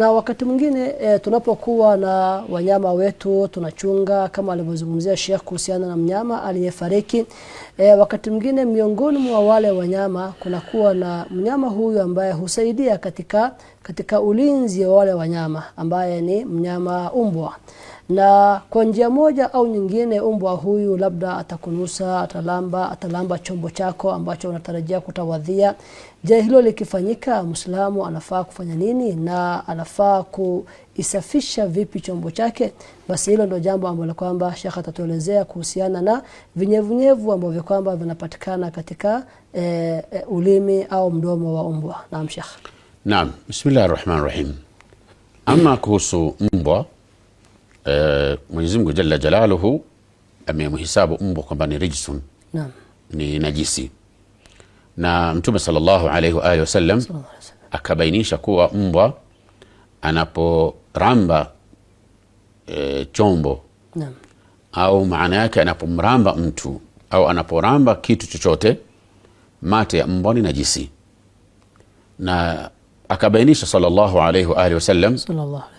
Na wakati mwingine e, tunapokuwa na wanyama wetu tunachunga, kama alivyozungumzia Sheikh kuhusiana na mnyama aliyefariki e, wakati mwingine miongoni mwa wale wanyama kunakuwa na mnyama huyu ambaye husaidia katika, katika ulinzi wa wale wanyama ambaye ni mnyama umbwa na kwa njia moja au nyingine umbwa huyu labda atakunusa, atalamba, atalamba chombo chako ambacho unatarajia kutawadhia. Je, hilo likifanyika, Muislamu anafaa kufanya nini na anafaa kuisafisha vipi chombo chake? Basi hilo ndio jambo ambalo kwamba Sheikh atatuelezea kuhusiana na vinyevunyevu ambavyo kwamba vinapatikana katika e, e, ulimi au mdomo wa umbwa. Naam Sheikh. Naam, bismillahir rahmanir rahim. Ama kuhusu mbwa Uh, Mwenyezi Mungu Jalla Jalaluhu amemhisabu mbwa kwamba ni rijsun no. ni najisi, na Mtume sallallahu alayhi wa sallam akabainisha kuwa mbwa anaporamba e, chombo no. au maana yake anapomramba mtu au anaporamba kitu chochote, mate ya mbwa ni najisi, na akabainisha sallallahu alayhi wa alihi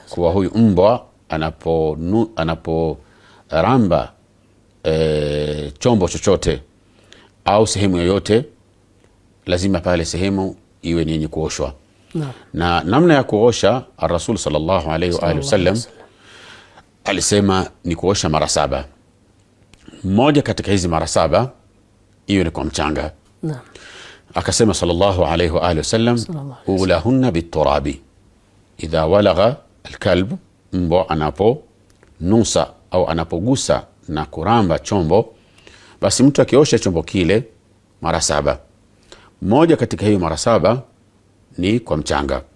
kuwa huyu mbwa anaporamba anapo e, chombo chochote au sehemu yoyote, lazima pale sehemu iwe ni yenye kuoshwa na, na namna ya kuosha Rasul sallallahu alaihi wa alihi wasallam alisema ni kuosha mara saba. Moja katika hizi mara saba iwe ni kwa mchanga na. Akasema sallallahu alaihi wa alihi wasallam, ulahunna biturabi idha walagha alkalbu mbwa anaponusa au anapogusa na kuramba chombo, basi mtu akiosha chombo kile mara saba, moja katika hiyo mara saba ni kwa mchanga.